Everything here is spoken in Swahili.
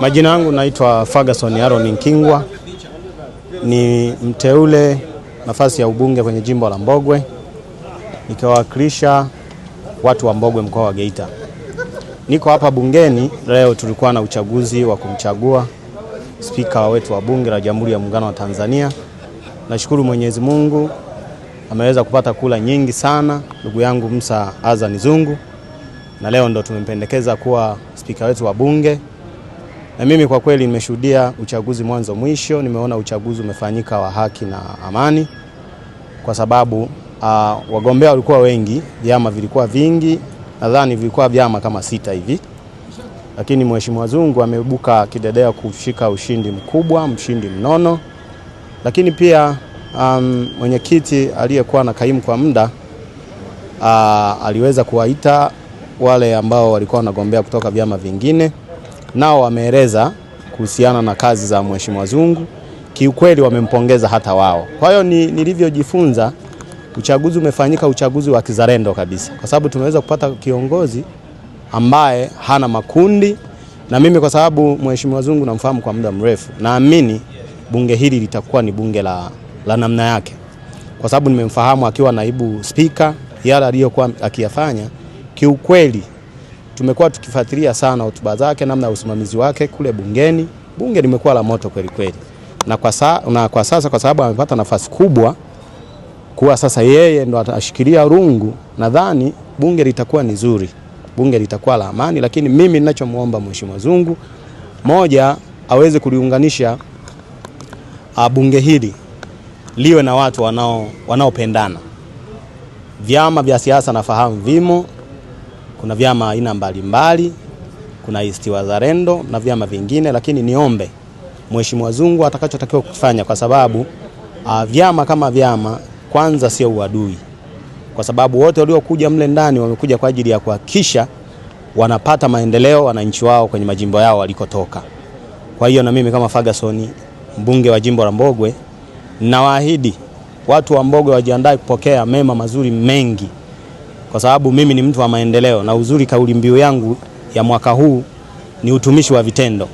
Majina yangu naitwa Ferguson Aaron Nkingwa, ni mteule nafasi ya ubunge kwenye jimbo la Mbogwe, nikiwawakilisha watu wa Mbogwe mkoa wa Geita. Niko hapa bungeni leo, tulikuwa na uchaguzi wa kumchagua spika wetu wa bunge la Jamhuri ya Muungano wa Tanzania. Nashukuru Mwenyezi Mungu ameweza kupata kula nyingi sana ndugu yangu Musa Azan Zungu, na leo ndo tumempendekeza kuwa spika wetu wa bunge na mimi kwa kweli nimeshuhudia uchaguzi mwanzo mwisho, nimeona uchaguzi umefanyika wa haki na amani, kwa sababu uh, wagombea walikuwa wengi, vyama vilikuwa vingi, nadhani vilikuwa vyama kama sita hivi, lakini Mheshimiwa Zungu ameibuka kidedea kushika ushindi mkubwa, mshindi mnono, lakini pia um, mwenyekiti aliyekuwa na kaimu kwa muda uh, aliweza kuwaita wale ambao walikuwa wanagombea kutoka vyama vingine nao wameeleza kuhusiana na kazi za Mheshimiwa Zungu, kiukweli wamempongeza hata wao. Kwa hiyo ni, nilivyojifunza uchaguzi umefanyika uchaguzi wa kizalendo kabisa, kwa sababu tumeweza kupata kiongozi ambaye hana makundi, na mimi kwa sababu Mheshimiwa Zungu namfahamu kwa muda mrefu, naamini bunge hili litakuwa ni bunge la, la namna yake, kwa sababu nimemfahamu akiwa naibu spika, yale aliyokuwa akiyafanya kiukweli tumekuwa tukifuatilia sana hotuba zake, namna ya usimamizi wake kule bungeni. Bunge limekuwa la moto kweli kweli, na kwa, sa, na kwa sasa kwa sababu amepata nafasi kubwa kuwa sasa yeye ndo atashikilia rungu, nadhani bunge litakuwa ni zuri, bunge litakuwa la amani. Lakini mimi ninachomwomba Mheshimiwa Zungu, moja, aweze kuliunganisha ah, bunge hili liwe na watu wanaopendana. Wanao vyama vya siasa nafahamu vimo kuna vyama aina mbalimbali, kuna ACT Wazalendo na vyama vingine, lakini niombe Mheshimiwa Zungu atakachotakiwa kufanya, kwa sababu a, ah, vyama kama vyama kwanza sio uadui, kwa sababu wote waliokuja mle ndani wamekuja kwa ajili ya kuhakikisha wanapata maendeleo wananchi wao kwenye majimbo yao walikotoka. Kwa hiyo na mimi kama Ferguson mbunge wa jimbo la Mbogwe nawaahidi watu wa Mbogwe wajiandae kupokea mema mazuri mengi kwa sababu mimi ni mtu wa maendeleo, na uzuri kauli mbiu yangu ya mwaka huu ni utumishi wa vitendo.